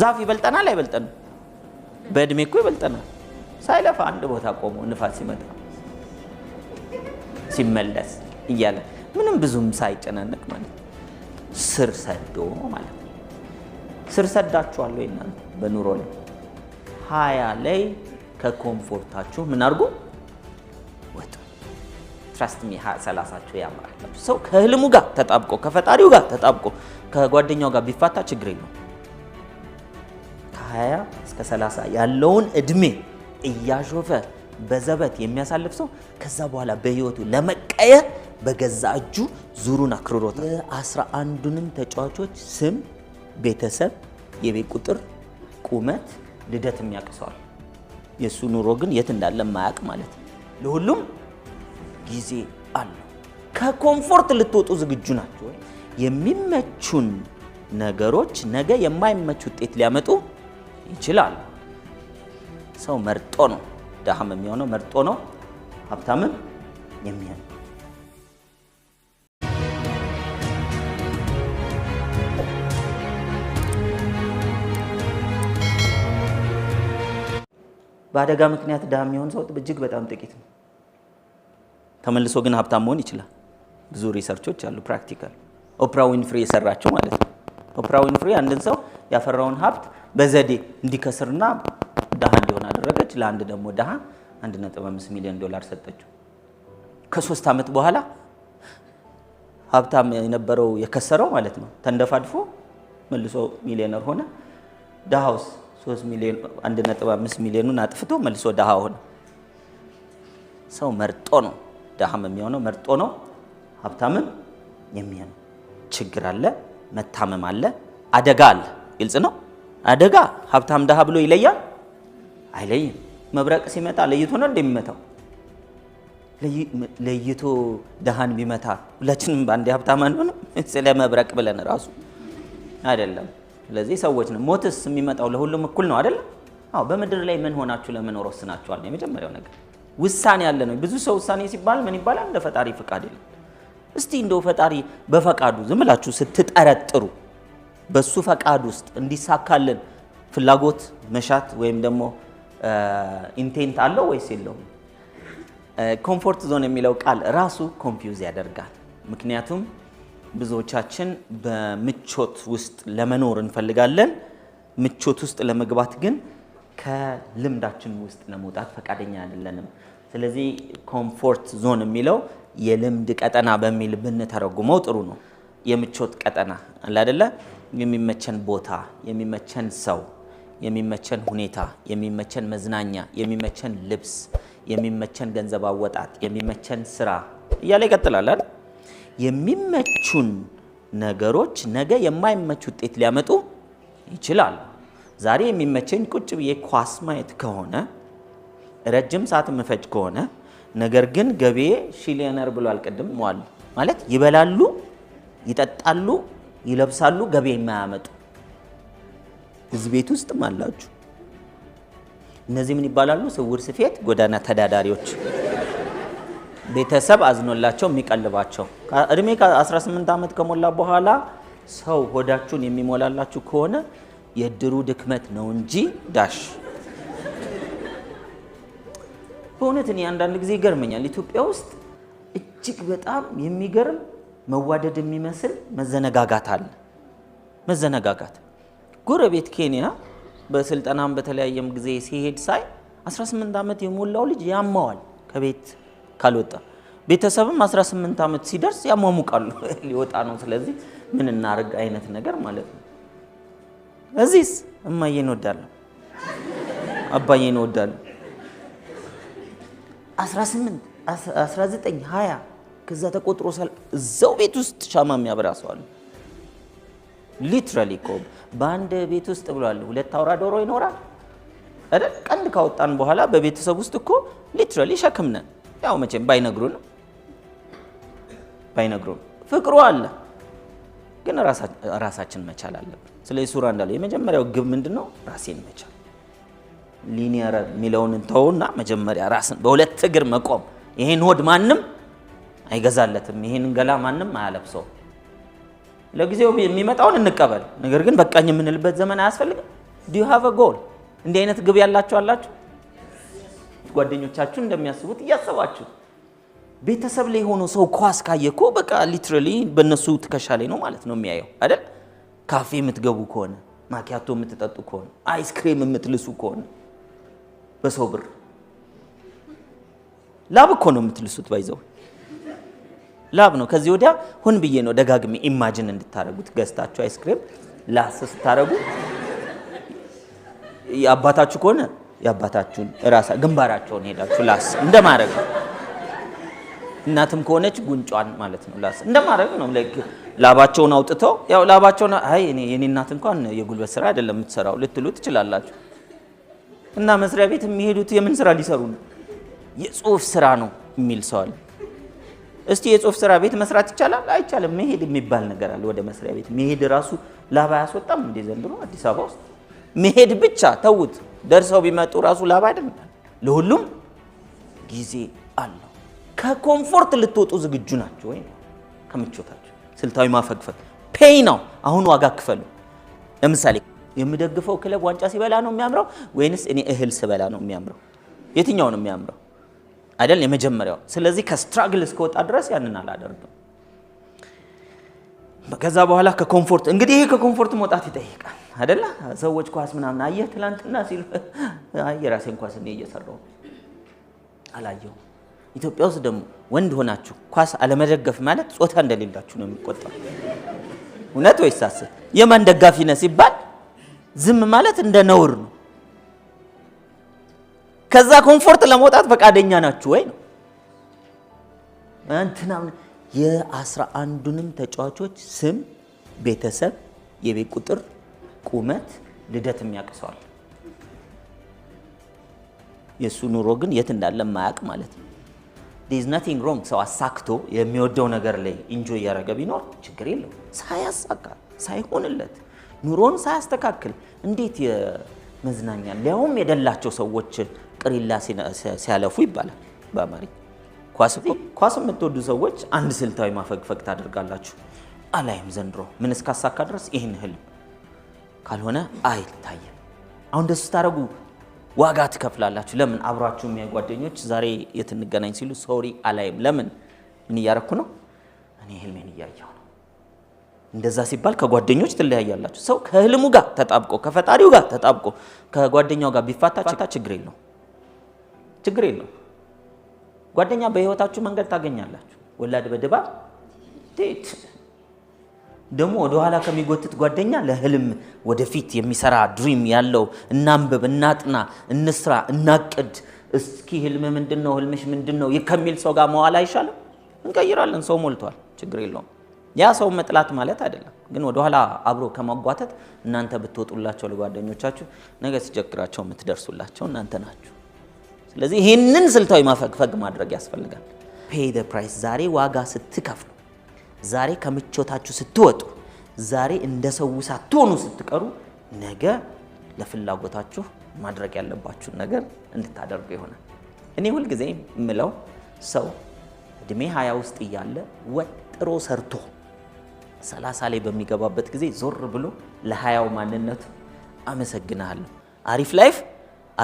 ዛፍ ይበልጠናል አይበልጠንም? በእድሜ እኮ ይበልጠናል። ሳይለፋ አንድ ቦታ ቆሞ ንፋስ ሲመጣ ሲመለስ እያለ ምንም ብዙም ሳይጨናነቅ ማለት ስር ሰዶ ማለት ስር ሰዳችኋል እናንተ በኑሮ ላይ? ሀያ ላይ ከኮምፎርታችሁ ምን አድርጉ ወጡ። ትራስት ሚ ሰላሳችሁ ያምራል። ሰው ከህልሙ ጋር ተጣብቆ ከፈጣሪው ጋር ተጣብቆ ከጓደኛው ጋር ቢፋታ ችግር የለውም። 20 እስከ 30 ያለውን እድሜ እያሾፈ በዘበት የሚያሳልፍ ሰው ከዛ በኋላ በህይወቱ ለመቀየር በገዛ እጁ ዙሩን አክርሮታል። የአስራ አንዱንም ተጫዋቾች ስም፣ ቤተሰብ፣ የቤት ቁጥር፣ ቁመት፣ ልደት የሚያቅሰዋል። የእሱ ኑሮ ግን የት እንዳለ ማያቅ ማለት ነው። ለሁሉም ጊዜ አለው። ከኮምፎርት ልትወጡ ዝግጁ ናቸው። የሚመቹን ነገሮች ነገ የማይመች ውጤት ሊያመጡ ይችላሉ። ሰው መርጦ ነው ድሃም የሚሆነው መርጦ ነው ሀብታምም የሚሆነው። በአደጋ ምክንያት ድሃ የሚሆን ሰው እጅግ በጣም ጥቂት ነው። ተመልሶ ግን ሀብታም መሆን ይችላል። ብዙ ሪሰርቾች አሉ፣ ፕራክቲካል ኦፕራ ዊንፍሪ የሰራቸው ማለት ነው። ኦፕራ ዊንፍሪ አንድን ሰው ያፈራውን ሀብት በዘዴ እንዲከስርና ድሃ እንዲሆን አደረገች። ለአንድ ደግሞ ድሃ 1.5 ሚሊዮን ዶላር ሰጠችው። ከሶስት ዓመት በኋላ ሀብታም የነበረው የከሰረው ማለት ነው ተንደፋድፎ መልሶ ሚሊዮነር ሆነ። ድሃውስ 1.5 ሚሊዮኑን አጥፍቶ መልሶ ድሃ ሆነ። ሰው መርጦ ነው ድሃም የሚሆነው መርጦ ነው ሀብታምም የሚሆነው። ችግር አለ፣ መታመም አለ፣ አደጋ አለ። ግልጽ ነው። አደጋ ሀብታም ደሃ ብሎ ይለያል? አይለይም። መብረቅ ሲመጣ ለይቶ ነው እንደሚመታው ለይቶ ደሃን ቢመታ ሁላችንም በአንድ ሀብታም አንሆንም። ስለ መብረቅ ብለን ራሱ አይደለም። ስለዚህ ሰዎች ነው። ሞትስ የሚመጣው ለሁሉም እኩል ነው አይደለም? አዎ። በምድር ላይ ምን ሆናችሁ ለመኖር ወስናችኋል ነው የመጀመሪያው ነገር። ውሳኔ ያለ ነው። ብዙ ሰው ውሳኔ ሲባል ምን ይባላል? እንደ ፈጣሪ ፍቃድ ይላል። እስቲ እንደው ፈጣሪ በፈቃዱ ዝም ብላችሁ ስትጠረጥሩ በሱ ፈቃድ ውስጥ እንዲሳካልን ፍላጎት መሻት ወይም ደግሞ ኢንቴንት አለው ወይስ የለውም? ኮምፎርት ዞን የሚለው ቃል ራሱ ኮንፊውዝ ያደርጋል። ምክንያቱም ብዙዎቻችን በምቾት ውስጥ ለመኖር እንፈልጋለን። ምቾት ውስጥ ለመግባት ግን ከልምዳችን ውስጥ ለመውጣት ፈቃደኛ አይደለንም። ስለዚህ ኮምፎርት ዞን የሚለው የልምድ ቀጠና በሚል ብንተረጉመው ጥሩ ነው። የምቾት ቀጠና አለ አይደለ? የሚመቸን ቦታ፣ የሚመቸን ሰው፣ የሚመቸን ሁኔታ፣ የሚመቸን መዝናኛ፣ የሚመቸን ልብስ፣ የሚመቸን ገንዘብ አወጣት፣ የሚመቸን ስራ እያለ ይቀጥላል የሚመቹን ነገሮች ነገ የማይመች ውጤት ሊያመጡ ይችላሉ። ዛሬ የሚመቸኝ ቁጭ ብዬ ኳስ ማየት ከሆነ ረጅም ሰዓት የምፈጅ ከሆነ ነገር ግን ገበዬ ሺሊየነር ብሏል ቅድም ዋል ማለት ይበላሉ ይጠጣሉ፣ ይለብሳሉ፣ ገቢ የማያመጡ እዚህ ቤት ውስጥም አላችሁ። እነዚህ ምን ይባላሉ? ስውር ስፌት ጎዳና ተዳዳሪዎች፣ ቤተሰብ አዝኖላቸው የሚቀልባቸው። እድሜ ከ18 ዓመት ከሞላ በኋላ ሰው ሆዳችሁን የሚሞላላችሁ ከሆነ የእድሩ ድክመት ነው እንጂ ዳሽ። በእውነት እኔ አንዳንድ ጊዜ ይገርመኛል ኢትዮጵያ ውስጥ እጅግ በጣም የሚገርም መዋደድ የሚመስል መዘነጋጋት አለ። መዘነጋጋት ጎረቤት ኬንያ በስልጠናም በተለያየም ጊዜ ሲሄድ ሳይ 18 ዓመት የሞላው ልጅ ያማዋል ከቤት ካልወጣ ቤተሰብም 18 ዓመት ሲደርስ ያሟሙቃሉ። ሊወጣ ነው፣ ስለዚህ ምን እናርግ አይነት ነገር ማለት ነው። እዚህስ እማዬን እወዳለሁ፣ አባዬን እወዳለሁ 18 19 20 ከዛ ተቆጥሮ ሳል እዛው ቤት ውስጥ ሻማ የሚያበራ ሰው አለ። ሊትራሊ እኮ በአንድ ቤት ውስጥ ብሏል፣ ሁለት አውራ ዶሮ ይኖራል አይደል? ቀንድ ካወጣን በኋላ በቤተሰብ ውስጥ እኮ ሊትራሊ ሸክም ነን። ያው መቼም ባይነግሩን ባይነግሩን ፍቅሩ አለ፣ ግን ራሳችን መቻል አለብን። ስለዚህ ሱራ እንዳለው የመጀመሪያው ግብ ምንድን ነው? ራሴን መቻል። ሊኒየር የሚለውን ተውና መጀመሪያ ራስን በሁለት እግር መቆም ይሄን ሆድ ማንም አይገዛለትም። ይህን ገላ ማንም አያለብሰው። ለጊዜው የሚመጣውን እንቀበል፣ ነገር ግን በቃኝ የምንልበት ዘመን አያስፈልግም። ዩ ሃቭ ጎል። እንዲህ አይነት ግብ ያላችሁ አላችሁ? ጓደኞቻችሁ እንደሚያስቡት እያሰባችሁ ቤተሰብ ላይ ሆኖ ሰው ኳስ ካየ እኮ በቃ ሊትራሊ በእነሱ ትከሻ ላይ ነው ማለት ነው የሚያየው አይደል? ካፌ የምትገቡ ከሆነ ማኪያቶ የምትጠጡ ከሆነ አይስክሪም የምትልሱ ከሆነ በሰው ብር ላብ እኮ ነው የምትልሱት ባይዘው ላብ ነው። ከዚህ ወዲያ ሁን ብዬ ነው ደጋግሜ ኢማጅን እንድታደረጉት ገዝታችሁ አይስክሬም ላስ ስታደረጉ የአባታችሁ ከሆነ የአባታችሁን ራሳ ግንባራቸውን ሄዳችሁ ላስ እንደማድረግ ነው። እናትም ከሆነች ጉንጯን ማለት ነው። ላስ እንደማድረግ ነው። ላባቸውን አውጥተው ያው ላባቸውን አይ እኔ የኔ እናት እንኳን የጉልበት ስራ አይደለም የምትሰራው ልትሉ ትችላላችሁ። እና መስሪያ ቤት የሚሄዱት የምን ስራ ሊሰሩ ነው? የጽሁፍ ስራ ነው የሚል ሰው አለ። እስቲ የጽሁፍ ስራ ቤት መስራት ይቻላል አይቻልም? መሄድ የሚባል ነገር አለ። ወደ መስሪያ ቤት መሄድ ራሱ ላባ ያስወጣም እንዴ? ዘንድሮ አዲስ አበባ ውስጥ መሄድ ብቻ ተውት። ደርሰው ቢመጡ ራሱ ላባ አይደለም። ለሁሉም ጊዜ አለው። ከኮምፎርት ልትወጡ ዝግጁ ናቸው ወይ? ከምቾታቸው ስልታዊ ማፈግፈግ ፔይ ነው። አሁን ዋጋ ክፈሉ። ለምሳሌ የምደግፈው ክለብ ዋንጫ ሲበላ ነው የሚያምረው ወይንስ እኔ እህል ስበላ ነው የሚያምረው? የትኛው ነው የሚያምረው? አይደል? የመጀመሪያው። ስለዚህ ከስትራግል እስከወጣ ድረስ ያንን አላደርግም። ከዛ በኋላ ከኮምፎርት እንግዲህ ይሄ ከኮምፎርት መውጣት ይጠይቃል አይደለ? ሰዎች ኳስ ምናምን አየህ ትላንትና ሲሉ የራሴን ኳስ እኔ እየሰራው አላየው። ኢትዮጵያ ውስጥ ደግሞ ወንድ ሆናችሁ ኳስ አለመደገፍ ማለት ጾታ እንደሌላችሁ ነው የሚቆጠሩ። እውነት ወይስ ሐሰት? የማን ደጋፊ ነህ ሲባል ዝም ማለት እንደ ነውር ነው። ከዛ ኮምፎርት ለመውጣት ፈቃደኛ ናችሁ ወይ ነው። እንትና የአስራ አንዱንም ተጫዋቾች ስም፣ ቤተሰብ፣ የቤት ቁጥር፣ ቁመት፣ ልደት የሚያቅሰዋል። የእሱ ኑሮ ግን የት እንዳለ ማያቅ ማለት ነው። ናቲንግ ሮንግ። ሰው አሳክቶ የሚወደው ነገር ላይ ኢንጆይ እያደረገ ቢኖር ችግር የለው። ሳያሳካ ሳይሆንለት ኑሮን ሳያስተካክል እንዴት መዝናኛ ሊያውም የደላቸው ሰዎች ቅሪላ ሲያለፉ ይባላል በአማርኛ። ኳስ የምትወዱ ሰዎች አንድ ስልታዊ ማፈግፈግ ታደርጋላችሁ። አላይም ዘንድሮ ምን እስካሳካ ድረስ ይህን ህልም ካልሆነ አይታየም። አሁን ደሱ ስታደርጉ ዋጋ ትከፍላላችሁ። ለምን አብሯችሁ የሚያ ጓደኞች ዛሬ የት እንገናኝ ሲሉ ሶሪ አላይም። ለምን ምን እያረኩ ነው? እኔ ህልሜን እያየሁ ነው። እንደዛ ሲባል ከጓደኞች ትለያያላችሁ። ሰው ከህልሙ ጋር ተጣብቆ ከፈጣሪው ጋር ተጣብቆ ከጓደኛው ጋር ቢፋታ ችግር የለው። ችግር የለው። ጓደኛ በህይወታችሁ መንገድ ታገኛላችሁ። ወላድ በድባ ቴት ደግሞ ወደኋላ ከሚጎትት ጓደኛ ለህልም ወደፊት የሚሰራ ድሪም ያለው እናንብብ፣ እናጥና፣ እንስራ፣ እናቅድ እስኪ ህልም ምንድን ነው ህልምሽ ምንድን ነው ከሚል ሰው ጋር መዋል አይሻልም? እንቀይራለን። ሰው ሞልቷል። ችግር የለውም። ያ ሰው መጥላት ማለት አይደለም፣ ግን ወደኋላ አብሮ ከማጓተት እናንተ ብትወጡላቸው ለጓደኞቻችሁ ነገ ሲቸግራቸው የምትደርሱላቸው እናንተ ናችሁ። ስለዚህ ይህንን ስልታዊ ማፈግፈግ ማድረግ ያስፈልጋል። ፔይ ዘ ፕራይስ፣ ዛሬ ዋጋ ስትከፍሉ፣ ዛሬ ከምቾታችሁ ስትወጡ፣ ዛሬ እንደ ሰው ሳትሆኑ ስትቀሩ ነገ ለፍላጎታችሁ ማድረግ ያለባችሁን ነገር እንድታደርጉ ይሆናል። እኔ ሁልጊዜ የምለው ሰው እድሜ ሀያ ውስጥ እያለ ወጥሮ ሰርቶ ሰላሳ ላይ በሚገባበት ጊዜ ዞር ብሎ ለሀያው ማንነቱ አመሰግናለሁ አሪፍ ላይፍ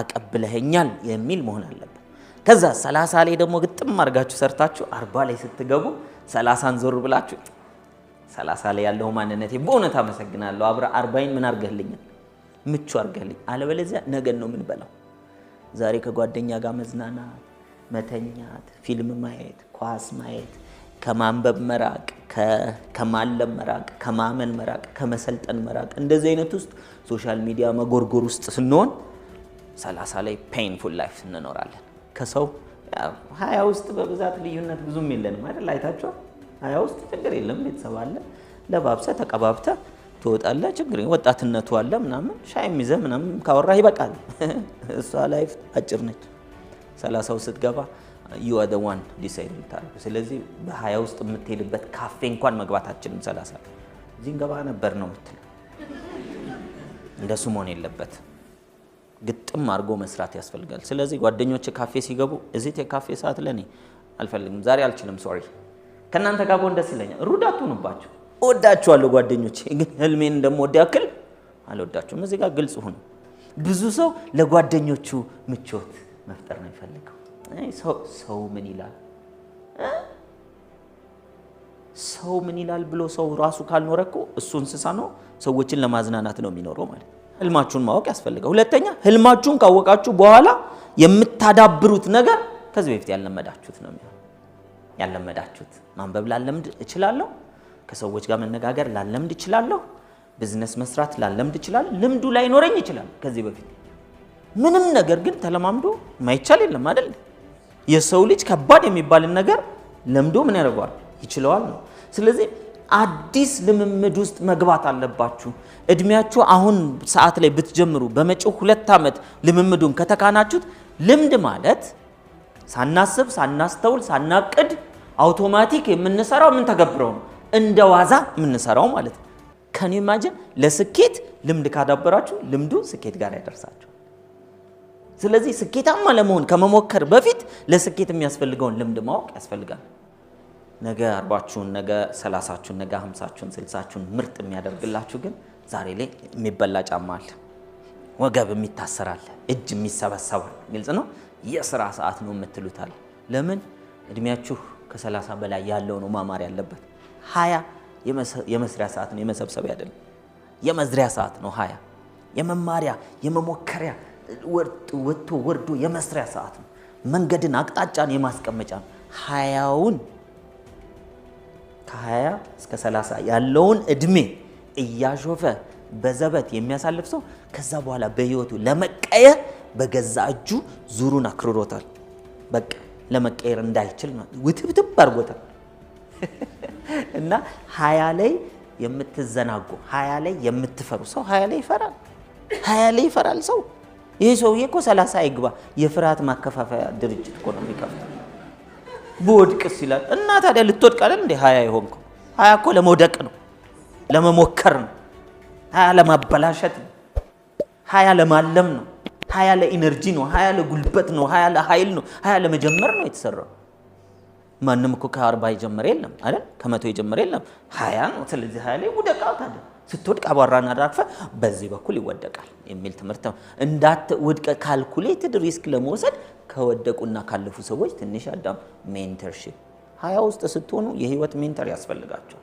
አቀብለኸኛል የሚል መሆን አለበት። ከዛ ሰላሳ ላይ ደግሞ ግጥም አድርጋችሁ ሰርታችሁ አርባ ላይ ስትገቡ ሰላሳን ዞር ብላችሁ ሰላሳ ላይ ያለው ማንነቴ በእውነት አመሰግናለሁ አብረ አርባይን ምን አርገህልኛል ምቹ አርገህልኝ። አለበለዚያ ነገን ነው ምን ዛሬ ከጓደኛ ጋር መዝናናት፣ መተኛት፣ ፊልም ማየት፣ ኳስ ማየት፣ ከማንበብ መራቅ፣ ከማለም መራቅ፣ ከማመን መራቅ፣ ከመሰልጠን መራቅ፣ እንደዚህ አይነት ውስጥ ሶሻል ሚዲያ መጎርጎር ውስጥ ስንሆን 30 ላይ ፔንፉል ላይፍ እንኖራለን። ከሰው ሀያ ውስጥ በብዛት ልዩነት ብዙም የለንም አይደል? አይታችኋል። ሀያ ውስጥ ችግር የለም። ቤተሰብ አለ፣ ለባብሰ ተቀባብተ ትወጣለ። ችግር ወጣትነቱ አለ ምናምን ሻይ የሚዘ ምናምን ካወራ ይበቃል። እሷ ላይፍ አጭር ነች። ሰላሳው ስትገባ ዩ አር ዘ ዋን ዲሳይድ የምታደርጉ። ስለዚህ በሀያ ውስጥ የምትሄድበት ካፌ እንኳን መግባት አችልም። ሰላሳ እዚህ እንገባ ነበር ነው የምትለው። እንደሱ መሆን የለበት ግጥም አድርጎ መስራት ያስፈልጋል። ስለዚህ ጓደኞች ካፌ ሲገቡ እዚት የካፌ ሰዓት ለኔ አልፈልግም፣ ዛሬ አልችልም፣ ሶሪ፣ ከእናንተ ጋር ብሆን ደስ ይለኛል። ሩድ አትሆኑባቸው። እወዳችኋለሁ ጓደኞች፣ ግን ህልሜን እንደምወድ ያክል አልወዳችሁም። እዚህ ጋር ግልጽ ሁኑ። ብዙ ሰው ለጓደኞቹ ምቾት መፍጠር ነው የሚፈልገው። ሰው ምን ይላል ሰው ምን ይላል ብሎ ሰው ራሱ ካልኖረ እኮ እሱ እንስሳ ነው፣ ሰዎችን ለማዝናናት ነው የሚኖረው ማለት ነው። ህልማችሁን ማወቅ ያስፈልጋል። ሁለተኛ ህልማችሁን ካወቃችሁ በኋላ የምታዳብሩት ነገር ከዚህ በፊት ያለመዳችሁት ነው የሚሆነው። ያለመዳችሁት ማንበብ ላለምድ እችላለሁ፣ ከሰዎች ጋር መነጋገር ላለምድ እችላለሁ፣ ቢዝነስ መስራት ላለምድ እችላለሁ። ልምዱ ላይኖረኝ ይችላል ከዚህ በፊት ምንም ነገር ግን ተለማምዶ ማይቻል የለም አይደል? የሰው ልጅ ከባድ የሚባልን ነገር ለምዶ ምን ያደርገዋል? ይችለዋል ነው። ስለዚህ አዲስ ልምምድ ውስጥ መግባት አለባችሁ። እድሜያችሁ አሁን ሰዓት ላይ ብትጀምሩ በመጪው ሁለት ዓመት ልምምዱን ከተካናችሁት፣ ልምድ ማለት ሳናስብ ሳናስተውል ሳናቅድ አውቶማቲክ የምንሰራው ምን ተገብረው ነው እንደ ዋዛ የምንሰራው ማለት ነው። ከኔ ማጀን ለስኬት ልምድ ካዳበራችሁ ልምዱ ስኬት ጋር ያደርሳችሁ። ስለዚህ ስኬታማ ለመሆን ከመሞከር በፊት ለስኬት የሚያስፈልገውን ልምድ ማወቅ ያስፈልጋል። ነገ አርባችሁን ነገ ሰላሳችሁን ነገ ሀምሳችሁን ስልሳችሁን ምርጥ የሚያደርግላችሁ ግን ዛሬ ላይ የሚበላ ጫማ አለ፣ ወገብ የሚታሰራል፣ እጅ የሚሰበሰባል። ግልጽ ነው። የስራ ሰዓት ነው የምትሉታል። ለምን እድሜያችሁ ከሰላሳ በላይ ያለው ነው ማማር ያለበት። ሀያ የመስሪያ ሰዓት ነው የመሰብሰቢያ አይደለም። የመዝሪያ ሰዓት ነው ሀያ የመማሪያ የመሞከሪያ ወጥቶ ወርዶ የመስሪያ ሰዓት ነው። መንገድን አቅጣጫን የማስቀመጫ ነው ሀያውን ከ20 እስከ 30 ያለውን እድሜ እያሾፈ በዘበት የሚያሳልፍ ሰው ከዛ በኋላ በህይወቱ ለመቀየር በገዛ እጁ ዙሩን አክርሮታል። በቃ ለመቀየር እንዳይችል ውትብትብ አድርጎታል። እና ሀያ ላይ የምትዘናጉ ሀያ ላይ የምትፈሩ ሰው ሀያ ላይ ይፈራል። ሀያ ላይ ይፈራል ሰው። ይህ ሰውዬ እኮ ሰላሳ አይግባ የፍርሃት ማከፋፈያ ድርጅት እኮ ነው የሚከፍተው። ብወድቅስ ይላል እና ታዲያ ልትወድቅ እንዴ ሀያ የሆንከው? ሀያ እኮ ለመውደቅ ነው፣ ለመሞከር ነው፣ ሀያ ለማበላሸት ነው፣ ሀያ ለማለም ነው፣ ሀያ ለኢነርጂ ነው፣ ሀያ ለጉልበት ነው፣ ሀያ ለኃይል ነው፣ ሀያ ለመጀመር ነው የተሰራው። ማንም እኮ ከአርባ የጀመረ የለም አይደል? ከመቶ የጀመረ የለም፣ ሀያ ነው። ስለዚህ ሀያ ላይ ውደቃ ታዲያ ስትወድቅ አቧራን አራግፈ በዚህ በኩል ይወደቃል የሚል ትምህርት ነው። እንዳት ውድቀ ካልኩሌትድ ሪስክ ለመውሰድ ከወደቁና ካለፉ ሰዎች ትንሽ አዳም ሜንተርሺፕ ሀያ ውስጥ ስትሆኑ የህይወት ሜንተር ያስፈልጋቸው።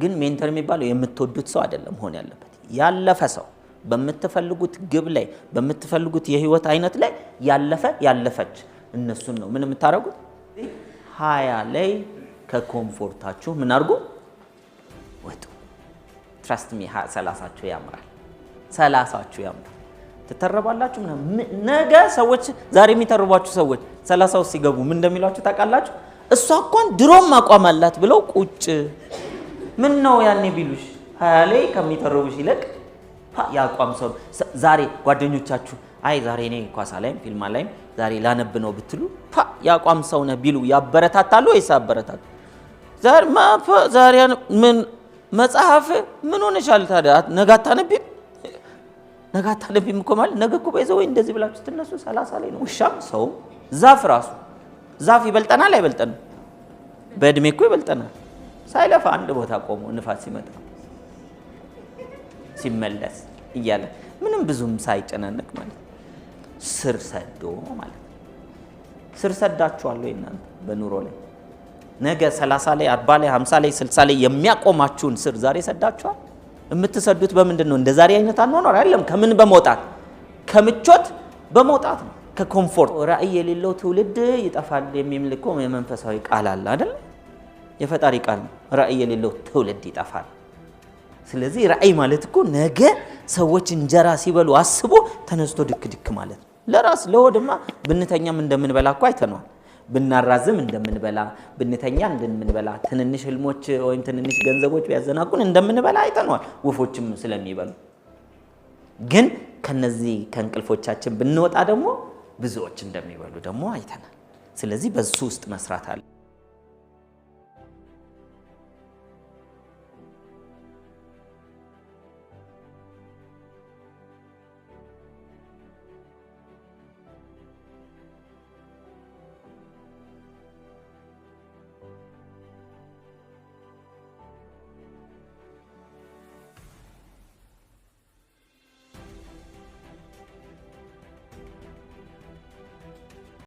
ግን ሜንተር የሚባለው የምትወዱት ሰው አይደለም መሆን ያለበት ያለፈ ሰው በምትፈልጉት ግብ ላይ በምትፈልጉት የህይወት አይነት ላይ ያለፈ ያለፈች እነሱን ነው ምን የምታደርጉት ሀያ ላይ ከኮምፎርታችሁ ምን አድርጉ ወጡ። ትረስት ሚ ሰላሳችሁ ያምራል። ሰላሳችሁ ያምራል። ትተረባላችሁ። ነገ ሰዎች ዛሬ የሚተርቧችሁ ሰዎች ሰላሳው ሲገቡ ምን እንደሚሏችሁ ታውቃላችሁ? እሷ እንኳን ድሮም አቋም አላት ብለው ቁጭ ምን ነው ያኔ ቢሉሽ ሀያ ላይ ከሚተርቡሽ ይልቅ የአቋም ሰው ዛሬ ጓደኞቻችሁ አይ ዛሬ እኔ ኳሳ ላይም ፊልማ ላይም ዛሬ ላነብ ነው ብትሉ የአቋም ሰው ነህ ቢሉ ያበረታታሉ ወይስ አበረታቱ ዛሬ ምን መጽሐፍ ምን ሆነሻል ታዲያ? ነገ አታነቢም? ነገ አታነቢም እኮ ማለት ነገ እኮ በይዘ ወይ እንደዚህ ብላችሁ ስትነሱ ሰላሳ ላይ ነው። ውሻም ሰው ዛፍ ራሱ ዛፍ ይበልጠናል አይበልጠንም? በእድሜ እኮ ይበልጠናል። ሳይለፋ አንድ ቦታ ቆሞ ንፋስ ሲመጣ ሲመለስ እያለ ምንም ብዙም ሳይጨናነቅ ማለት ስር ሰዶ ማለት ስር ሰዳችኋለሁ እናንተ በኑሮ ላይ ነገ 30 ላይ 40 ላይ 50 ላይ 60 ላይ የሚያቆማችሁን ስር ዛሬ ሰዳችኋል። የምትሰዱት በምንድን ነው? እንደ ዛሬ አይነት አኗኗር አይደለም። ከምን በመውጣት ከምቾት በመውጣት ነው፣ ከኮምፎርት። ራዕይ የሌለው ትውልድ ይጠፋል የሚል እኮ የመንፈሳዊ ቃል አለ አይደል? የፈጣሪ ቃል ነው። ራዕይ የሌለው ትውልድ ይጠፋል። ስለዚህ ራዕይ ማለት እኮ ነገ ሰዎች እንጀራ ሲበሉ አስቦ ተነስቶ ድክ ድክ ማለት ነው። ለራስ ለሆድማ ብንተኛም እንደምንበላ እኮ አይተነዋል። ብናራዝም እንደምንበላ፣ ብንተኛ እንደምንበላ፣ ትንንሽ ህልሞች ወይም ትንንሽ ገንዘቦች ቢያዘናጉን እንደምንበላ አይተነዋል። ወፎችም ስለሚበሉ ግን ከነዚህ ከእንቅልፎቻችን ብንወጣ ደግሞ ብዙዎች እንደሚበሉ ደግሞ አይተናል። ስለዚህ በሱ ውስጥ መስራት አለ።